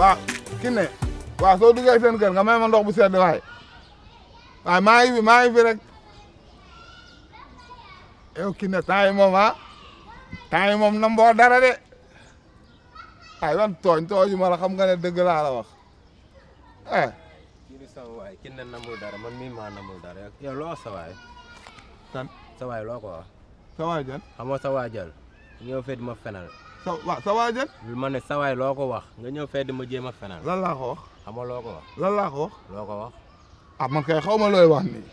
waaw ki ne waaw soo duggee ma ndox bu sedd waay waaye maa ngi fi maa ngi fi rek yow ki ne moom ah temps yi de ay wan tooñ tooñu ma la xam nga ne dëgg laa eh. sa waay ki ne namul dara man mii maa namul dara yow loo loo ko wax. sa waay jël xamoo sa waay jël ñëw fii sa waaw sa waay jël. ma ne sa waay loo ko wax nga ñëw fee di ma jéem a fenal. lan laa ko wax. xam nga loo ko wax. lan laa ko loo ko wax. ah man kay xaw ma looy wax nii.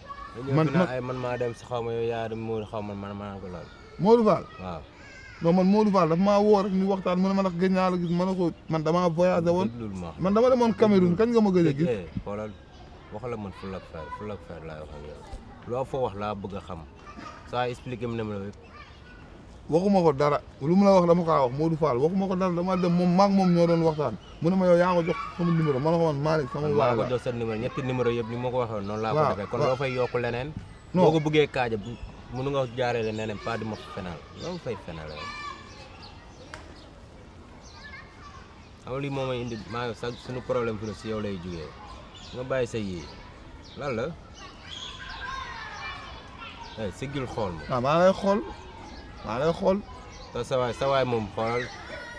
man man ay man maa dem si xaw ma yow yaa dem xaw ma man maa ko lool. Modou Fall. waaw non man mooru Fall daf maa woor rek ñu waxtaan man ma nag gëj naa la gis man ko man damaa voyagé woon. man dama demoon Cameroun kañ nga ma gëj a gis. Eh, eh, xoolal wax la man fulak fer fulak fer laay wax ak yow. loo fa wax la bëgg a xam saa expliqué mu ne waxuma ko dara lu mu la wax dama kaa wax Modou Fall waxuma ko dara dama dem moom maag moom ñoo doon waxtaan mu ne ma yow yaa ko jox sama numéro ma ne ko man Malick sama waa la ko jox sa numéro ñetti numéro yëpp ni ma ko waxee noonu laa ko defee kon loo fay ko bëggee kaaja mënu nga jaareele neneen pas di ma fenal loolu fay fenal xam lii moom indi suñu problème fi ne lay jugee nga bàyyi sa yii lan la eh, siggil xool ma waaw ah, maa xool maa lay xool te sa waay sa moom xoolal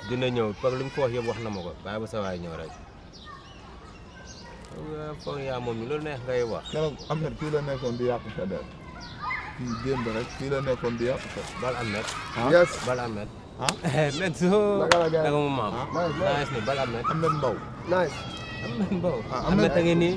dina ñëw par lu mu ko wax na ma ko bàyyi ba sa waay ñëw rek. foog yaa moom loolu neex ngay wax. keroog am na kii la nekkoon di yàq sa der. rek kii la nekkoon di yàq sa. Bal Ahmed. Ah? yes Bal Ahmed. ah mais eh, soo. la gën a naka mu maam. Ah? nice ni Bal Ahmed. Ahmed Mbow. nice. Ahmed Mbow. ah Ahmed da nii.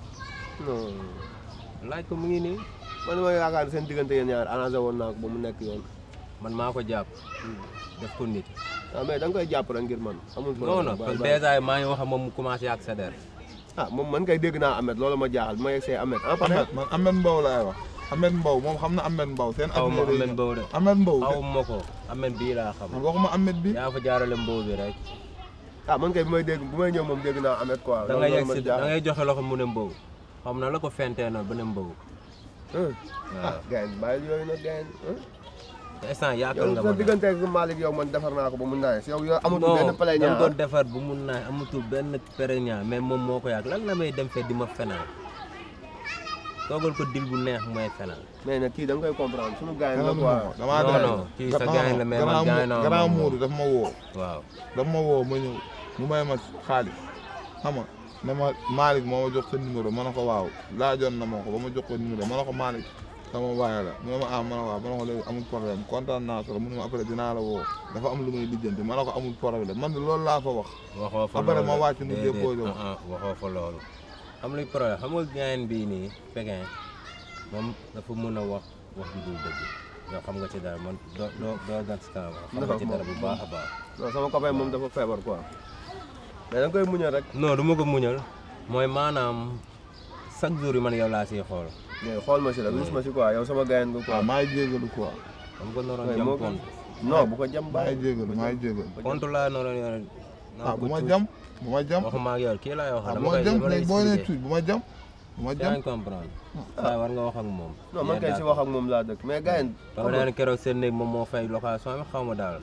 non laaj ko mu ngi nii man ma yaakaar seen diggante yéen ñaar arrangé woon naa ko ba mu nekk yoon man maa ko jàpp def ko nit waaw ah, mais da nga koy jàpp rek ngir man amul non non parce que déjà maa ngi wax moom mu commencé ak sa der ah moom man kay dégg naa Ameth ma jaaxal bi ma yegg see Ameth ah, en partant man Ameth Mbow laay wax Ameth Mbow moom xam na Ameth Mbow seen aw ma Ameth Mbow de Mbow aw ma ko Ameth bii laa xam waxuma Ameth bi yaa fa jaarale Mbow bi rek ah man kay bu may dégg bu may ñëw moom dégg naa Ameth quoi da joxe loxo mu ne Mbow xam na la ko fentee na ba ne mbëgu ah gars yooyu nag gars yi instant yaakaar nga ma yow man defar naa ko ba mun naa yow yow amatul benn plaignant non doon defar mun naa amatul benn plaignant mais moom moo ko yàq lan la may dem fee di ma fenaan toogal ko dil bu neex mooy fenaan mais nag kii koy comprendre suñu kii sa gars yi la mais man gars yi ma woo ma woo ma ñëw mu may ma xaalis xam ne ma Malick moo ma jox sa numéro ma ne ko waaw laajoon na ma ko ba ma jox ko numéro ma ne ko Malick sama waay la mu ne ma ah ma ne waaw ma ne ko amul problème kontaan naa trop mu ne ma après dinaa la woo dafa am lu may lijjanti ma ne ko amul problème man de lool laa fa wax. waxoo fa loolu après ma wàcc mu déposé ma. Ah, ah, waxoo fa loolu. am luy problème xam nga gaayen bii nii Pékin moom dafa mën a wax wax bi xam nga ci dara man doo doo doo daan si kanam. baax a baax. non sama copain moom dafa feebar quoi. mais da nga koy muñal rek. non du ma ko muñal mooy maanaam chaque jour yi man yow laa siy xool. mais xool ma si la rus ma si quoi yow sama gaayen nga quoi. Ah, maa ngi jégalu quoi. dama ko noroon jam pont. non bu ko jam bàyyi. maa ngi jégalu maa ngi jégalu. pont laa noroon yore. ah bu ma jam bu ma jam waxuma ak yow kii laay wax. Ah, dama koy dama lay expliqué bu ma jam ma jëm yaa comprendre. Ah. waaw war nga wax ak moom. non man kay si wax ak moom laa dëkk mais gars yi. xam nga ne keroog seen néeg moom moo fay location bi xaw ma daal.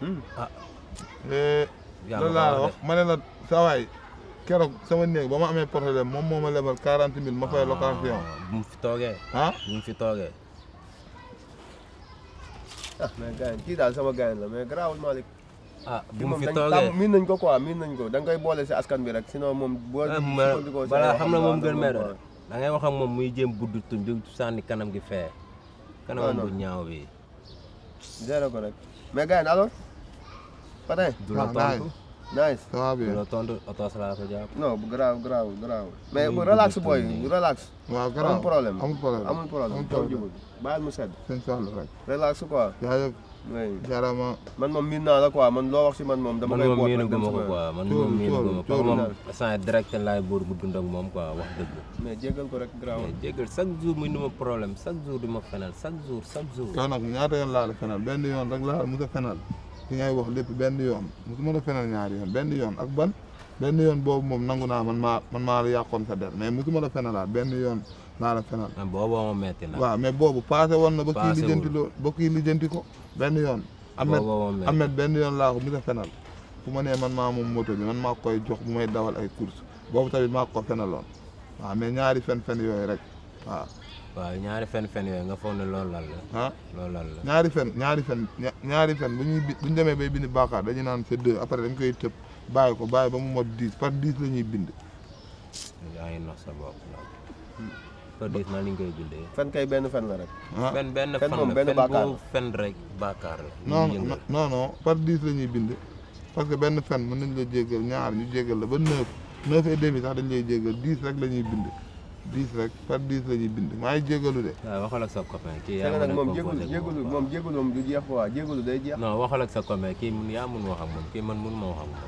Hmm. ah. Eh, Ya, loolu laa wax ma ne la sa waay keroog sama néeg ba ma amee problème moom moo ma lebal quarante ma fay ah, location. bu fi toogee. ah bu mu fi toogee. ah mais gaañ kii daal sama gaañ la mais garaawul Malick. ah bu mu fi toogee miin nañ ko quoi miin nañ ko da nga koy boole si askan bi rek sinon moom. boo boo eh, balaa xam na moom gën mel da ngay wax ak moom muy jéem buddu tuñ di sànni kanam gi fee. Ah, kanam bu ñaaw bi. zéro ko rek mais gaañ alors. pare. du la tontu nice ça va bien du la tontu oto si laa ko jàpp. non garaaw garaaw garaaw. mais bu relax booy relax. waaw garaaw amul problème amul problème amul problème taw jubul bàyyil mu sedd. seen soxla rek. relax quoi. jaajëf jaaraama. man moom miin naa la quoi man loo wax si man moom. dama lay boot man moom miinu ko quoi man moom miinu ko quoi moom sans direct laay boor bu dund ak moom quoi wax dëgg. mais jégal ko rek garaaw. mais jégal chaque jour muy ni ma problème chaque jour di ma fenal chaque jour chaque jour. yow nag ñaata yoon laa la fenal benn yoon rek laa la mos a fenal. li ngay wax lépp benn yoon mosuma la fenal ñaari yoon benn yoon ak ban benn yoon boobu moom nangu na man maa man maa la yàqoon sa der mais mosuma la fenalaat benn yoon naa la fenal. mais boobu moom metti na. waaw mais boobu passé woon na. ba kii lijjanti loo ba kii lijjanti ko benn yoon. amet amet benn yoon laa ko mos a fenal fu ma nee man maa moom moto bi man maa koy jox bu may dawal ay course boobu tamit maa ko fenaloon waaw mais ñaari fen-fen yooyu rek waaw. waaw ñaari fen fen nga foog ne loolu la. ah loolu la ñaari fen ñaari fen ñaari fen bu ñuy bu ñu demee bay bind bàkkaar dañu naan c'est deux après dañ ko tëb bàyyi ko bàyyi ba mu mot dix par dix la ñuy bind. yaa ngi nax sa bopp hmm. par dix na li ñu koy bindee. fen kay benn fen la rek. Ah. fen benn fen moom benn bàkkaar la fen rek bàkkaar non non par dix la ñuy bind parce que benn fen mën nañ la jéggal ñaar ñu jéggal la ba neuf neuf et demi sax dañ lay jéggal dix rek la ñu bind. dix rek par dix la ñuy bind maa ngi jégalu de. waaw waxal ak sa copain kii yaa mën a moom jégalu jégalu moom jégalu moom du jeex waa jégalu day jeex. non waxal ak sa copain kii yaa mun wax ak moom kii man mënuma wax ak moom.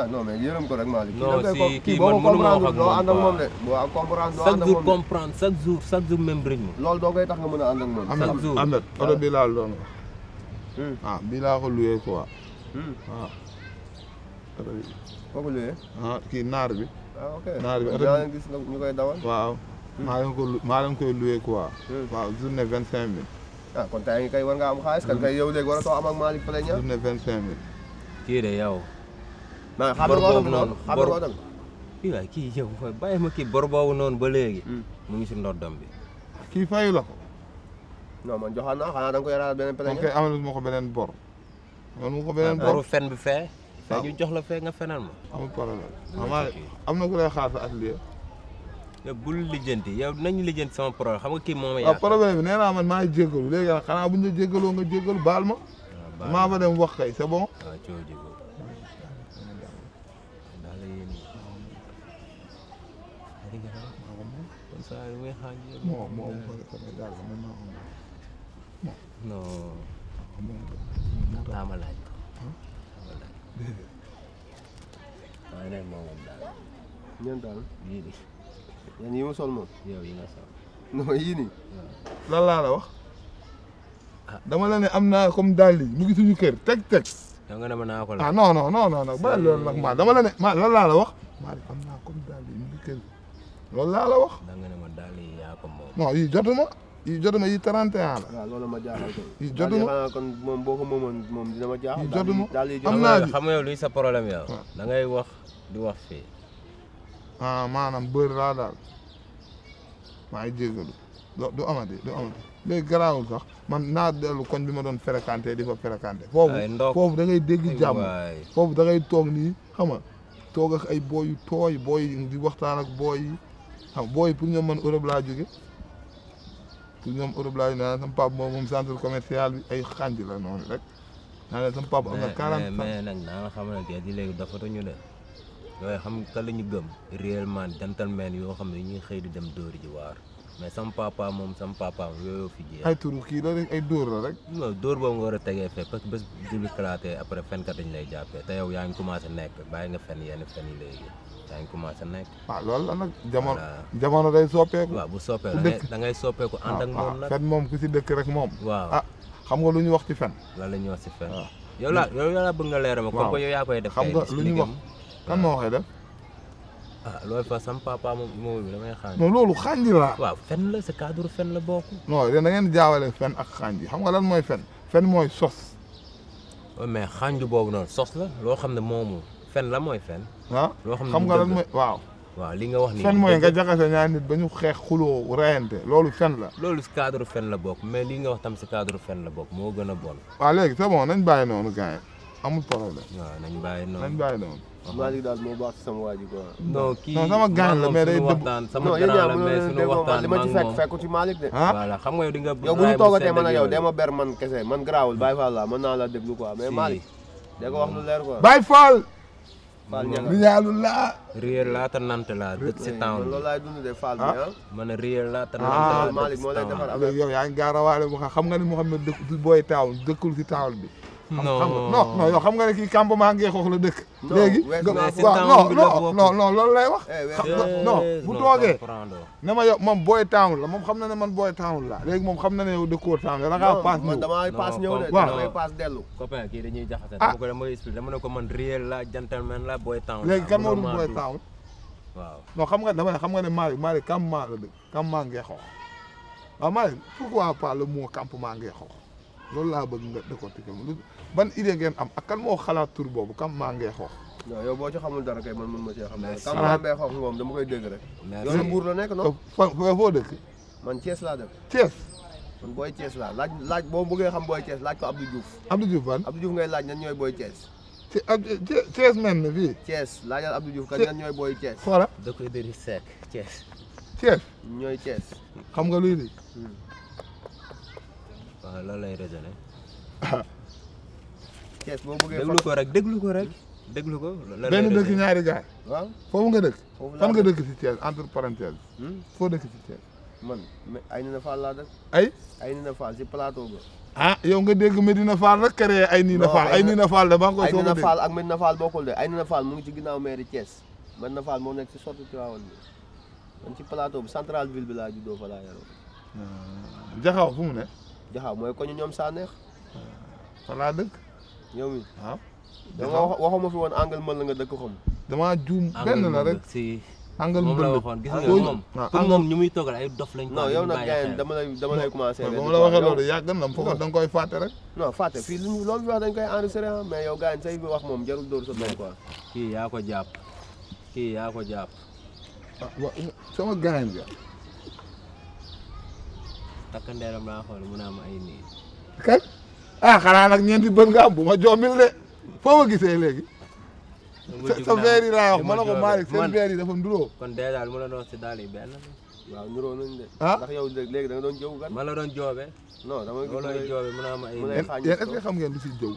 ah non mais yërëm ko rek Malick. non si kii man mënuma wax ak moom doo ànd ak moom de. waaw comprendre doo ànd ak moom chaque jour comprendre chaque jour chaque jour même rythme. loolu doo koy tax nga mën a ànd ak moom. chaque jour am na ah. oto bi laa doon hmm. ah bii laa ko loué quoi. waaw. oto bi. foo ko loué. ah kii naar bi. ah ok daa gis ñu koy dawal. waaw maa leen ko maa koy loué quoi. Hmm. waaw journée vingt cinq mille. ah kon tey kay war nga am xaalis kan kay yow léegi war a soo am ak Malick Fale ñaar. journée vingt cinq mille. kii de yow. mais xam nga boobu noonu xam nga boobu kii ma kii bor boobu noonu ba léegi. Hmm. mu ngi si ndoddam bi. kii fayu la ko. non man joxaan naa xanaa da koy raadaat beneen. pelle ñaar kon kay amal ko beneen bor. amal ma ko beneen ah, bor fen bi fee. waaw ñu jox la fee nga fenal ma. amul problème xam nga na ku xaar sa atelier. yow bul lijjanti yow nañu lijjanti sama problème xam nga kii moom la. bu ñu la jéggaloo nga jéggalu baal ma. waaye nag moom moom yii nii. sol moom. yii nii. lan laa la wax. Ah. dama la ne am naa comme daal yi ñu ngi suñu kër teg teg. da ne ma naa ko la ah non non non ba loolu nag maa dama la ne maa lan laa la wax. maa am naa comme daal yi ñu ngi kër loolu laa la ne ma daal yaa ko moom. non yii jotuma. yi jotuma yi 31 la. waaw loolu ma jaaxal ko. yi jotuma kon moom boo ko moomoon moom dina ma jaaxal. yi jotuma am naa ji xam nga yow luy sa problème yow. da ngay wax di wax fii. ah maanaam bëri laa daal maa ngi jégalu du amati du amati léegi garaawul sax man naa dellu koñ bi ma doon fréquenté di fa fréquenté. foofu foofu da ngay dégg jàmm foofu da ngay toog nii xam nga ay booy yu tooy booy di waxtaan ak booy yi xam booy pour ñu mën Europe laa jóge ci ñoom Europe laa yu ne sama papa bi ay xànj la noonu rek naa ne sama papa am na 40 mais nag naa la xamante ne léegi dafata ñu ne yooyu xam ka la ñu gëm réellement gentleman yoo xam ne ñuy xëy di dem dóor ji waar mais sama papa moom sama papa yooyu fi jeex ay turu kii la rek ay dóor la rek dóor boobu nga war a tegee fee parce que bés bu kalaatee après fenkat dañ lay jàppee te yow yaa ngi commencé nekk bàyyi nga fen yenn fen léegi yaa ngi commencé nekk. waaw ah, loolu la nag jamono jamono day soppeeku. bu soppeeku da ngay da ngay soppeeku ànd ak ah, moom ah, nag fen moom ku si dëkk rek moom. waaw ah xam nga lu ñu wax ci fen. lan la ñuy wax ci fen. bëgg nga leeral ma. waaw comme xam nga lu ñu wax kan moo koy def. ah loolu fa sama papa moom moom loolu xaanj la. waaw fen la sa cadre fen la bokk. non yéen da ngeen jaawale fen ak xaanj xam nga lan mooy fen fen mooy sos. Oh, mais boobu noonu sos la loo xam ne moomu fen la mooy fen mooy nga wax nii fen mooy nga jaxase ñaar nit loolu fen la loolu si cadre fen la bokk mais li nga wax tam si cadre fen la bokk moo gën a bon waaw léegi c'est bon nañ bàyyi noonu gars yi amul problème waaw nañ bàyyi noonu nañ bàyyi noonu Malick daal moo baax si sama waa ji quoi. non kii non sama gaañ ma ci fekk fekku nga yow di nga. yow bu ñu man ak yow dama ber man kese man garaawul Baye Fall la mën naa la déglu quoi mais Malick. da ko wax lu leer quoi Baye Fall. Fall Niang réyaalu laa. réyal laa te nante laa dëkk si temps bi eh, loolu laay dund de Fall bi ah. ah. ma ne réyal laa te ah, laa dëkk moo lay defar affaire yaa ngi gaarawaale mu xam nga ni Mouhamed dëkk booy town dëkkul si town bi. non non yow xam nga ne kii campement ngee xoox la dëkk. léegi waaw non non non non loolu lay wax. non bu toogee. ne ma yow moom booy town la moom xam na ne man booy town la léegi moom xam na ne yow dëkkoo town la da ngaa paas ñëw. damay paas ñëw de damay paas dellu. copain kii dañuy jaxase. ah dama ko expliqué dama ne ko man réel la gentleman la booy town la. léegi kan moo dul booy town. waaw non xam nga dama ne xam nga ne Malick Malick campement la dëkk campement ngee xoox waaw Malick pourquoi pas le mot campement ngee xoox loolu laa bëgg nga décortiquer ma ban idée ngeen am ak kan moo xalaat boobu kam maa ngee xoox non boo ci xamul dara kay man mën ma cee xam kam maa ngee xoox moom dama koy dégg rek yoonu mbuur la nekk non fa foo dëkk man Thiès laa dëkk Thiès man booy Thiès laa laaj laaj boo bëggee xam booy Thiès laaj ko Abdou Diouf Abdou Diouf ban Abdou Diouf ngay laaj nan ñooy booy Thiès Thiès mel na fii Thiès laajal Abdou Diouf kan nan ñooy booy Thiès xoola da koy dëri Seck Thiès Thiès ñooy Thiès xam nga luy li lay raisonné. kees boo bëggee déglu ko rek déglu ko rek. déglu ko lan benn dëkk ñaari gaay waaw foofu nga dëkk. foofu fan nga dëkk ci Thiès entre parenthèse. foo dëkk ci Thiès. man ay Nina Fall laa dëkk. ay ay Nina Fall si plateau ba. ah yow nga dégg Medina Fall rek créé ay Nina Fall ay Nina Fall da maa ngi koy soog a dégg ay Nina Fall ak Medina Fall bokkul de ay Nina Fall mu ngi ci ginnaaw mairie Thiès Medina Fall moo nekk si sotti Tivaouane bi man ci plateau bi centrale ville bi laa juddoo fa laa yaroo. Jaxaw fu mu ne. jaxaaw mooy koñu ñoom Sanex. fan laa dëkk. yow mi waaw. Ah. da wax waxuma fi woon angal mën la nga dëkk xam. damaa juum benn na rek angal moom la waxoon gis nga moom ah. pour ñu muy toogal ay dof lañ. non yow nag dama lay dama lay commencé. ba la waxee loolu yàgg na mu foog da nga koy fàtte rek. non fàtte fii lu ñu loolu wax dañ koy enregistré ah mais yow gars say bi wax moom jarul dóor so doom quoi. kii yaa ko jàpp kii yaa ko jàpp. ah sama gars takkandeeram laa xool mu naa ma ay nii. kay ah xanaa nag ñeenti bët nga am bu ma joomil de foo ma gisee léegi. sa verre yi laa ma ne ko Malick seen verre yi dafa nduroo. kon dèjà mu la doon si yi benn waaw nuroo nañ de. ah ndax léegi da doon jëw gan. ma la doon joobee. non dama lay joobe mu ma ay. yéen xam ngeen lu si jëw.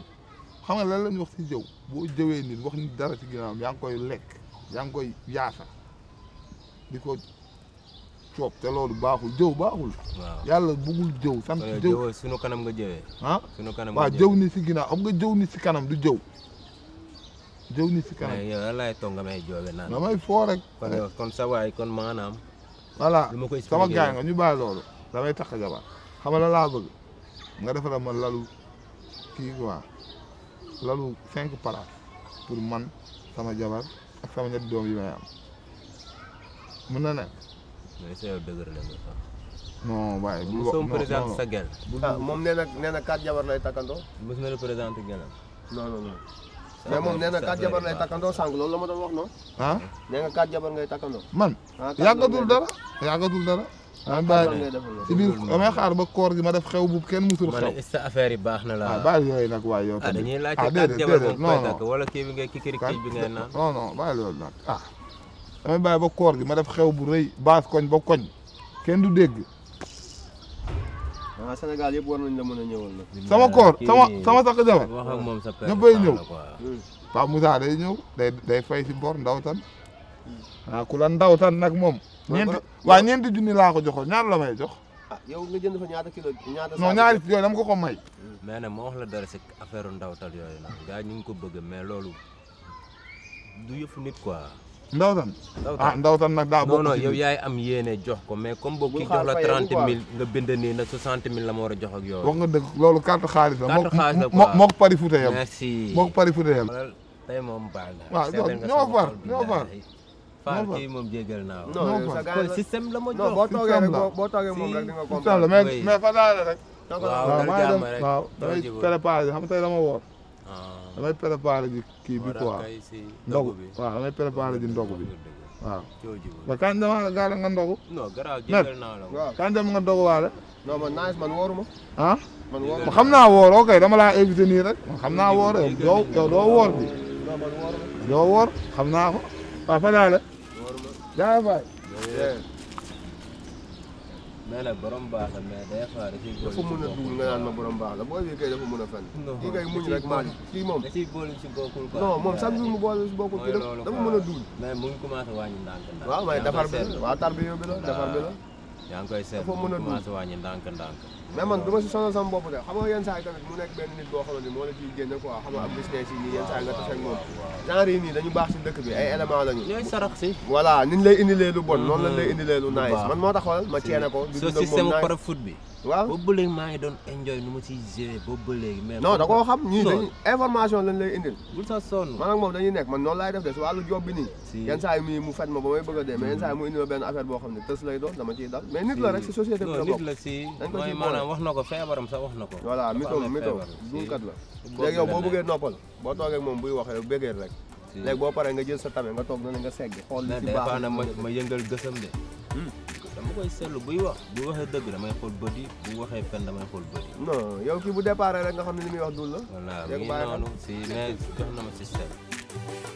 xam nga lan la ñu wax si jëw boo jëwee nit wax nit dara ci ginnaawam yaa ngi koy lekk yaa koy yaasa di ko coob te loolu baaxul jëw baaxul yàlla bëggul jëw sant jëw suñu kanam nga jëwee ah suñu kanam waaw jëw ni ci ginnaaw am nga jëw ni ci kanam du jëw jëw ni ci kanam yow lan laay toog nga may joobe naan damay foo rek kon sa way kon manam wala sama gaay nga ñu bàyyi lolou damay takk jabar xam nga la bëgg nga defal ma lalu ki quoi lalu 5 palaas pour man sama jabar ak sama ñet doom yi may am mën na mais sa yow dëgër la nga xam. non waaye bu ñu sa gel. Ah, ah, moom nee na nee na quatre jabar lay takkandoo. mos na la présenté gelam. non non non. mais moom nee na quatre jabar lay takkandoo sànq la ma doon wax noonu. ah nee nga quatre jabar ngay takkandoo. man ah, yàggatul dara yàggatul dara. ah bàyyi si biir damay xaar koor gi ma def xew bu yi baax na la ah bàyyi yooyu nag waaye yow tamit. ah dañuy laajte quatre jabar moom koy takk wala kii bi ngay kikiri kii bi ngay naan. non ah. damay bàyyi ba koor gi ma def xew bu rëy baas koñ ba koñ kenn du dégg. waaw ah, Sénégal yëpp war nañ la mën a ñëwal nag. sama sama sama sax jabar. wax ak moom sa père ñëppay ñëw. Pape Moussa day ñëw day day fay si bor ndaw tan waaw ah, ku la ndaw tan nag moom. ñeenti waaw ñeenti junni laa ko joxoon ñaar la may jox. ah yow nga jënd fa ñaata la dara si affaire ndawtal yooyu nag ñu ngi ko bëgg mais loolu ndawtan ah ndawtan nag daa bokk non non yow yaay am yéene jox ko mais comme boobu ki jox la trente mille nga bind nii nag soixante mille la ma war a jox ak yow wax nga dëgg loolu carte xaalis la moo ko pari foot yam merci moo ko pari foot yam tey moom baal na waaw ñoo far ñoo far faal kii moom jégal naa ko non système la ma jox boo toogee rek boo toogee moom rek di nga comprendre mais mais fa daal rek waaw waaw maa ngi dem waaw damay préparé xam tey dama woor ah. damay préparé ji kii bi quoi ndogu waaw damay ji ndogu bi ba kañ dama gaale nga ndogu. non garaaw jëndal nga ndogu waale. non man ah? naa wóoroo kay dama laa invité nii rek man xam naa wóor yow doo wóor bi. doo wóor xam naa ko waaw fa daale. mais la mais day xaar a dugg nga naan ma borom baax la boo bii kay dafa mën a fenn. kii kay muñ rek maa kii moom da ciy boole ci bokkul quoi. non moom chaque jour mu boole a dugg. mais mu ngi commencé wàññi ndànk waaw waaye defar bi la tar bi yow bi la defar yaa ngi koy seet dafa mën a dund wàññi ndànk ndànk mais man du ma si sonal sama bopp de xam nga mu nekk benn nit boo xam moo la ciy génn quoi xam nga am gis ne nii yenn nga tase ak moom genre dañu baax si dëkk bi ay élément lañu ñooy sarax si voilà niñ lay indilee lu bon noonu lañ lay mm-hmm. indilee lu man moo tax ma ceene ko di dund ak moom nice bi waaw maa ngi doon enjoy nu ma siy gérer boobu ba léegi. mais non da koo xam ñii dañuy information lañ indil. bul sa sonn man ak moom dañuy nekk ma noonu laay def de si wàllu bi nii. si yenn saa yi muy mu fet ma ba may bëgg mu indil ma benn affaire boo xam ne tës lay doon dama ciy dal. mais nit la rek si société bi la bokk nit la si mooy maanaam wax na ko feebaram sax wax na ko. voilà mito mito duulkat la. léegi yow boo bëggee noppal boo toogee moom buy waxee bëggee rek léegi boo paree nga jël sa tame nga toog na nga segg xool li ma yëngal gësam de hmm. dama koy seetlu buy wax buy waxee dëgg damay xool bët yi bu waxee fen damay xool bët yi. yow ki bu départ rek nga xam ne li muy wax dul la. dégg nga bàyyi voilà mi ngi noonu si mais jox na ma si seet.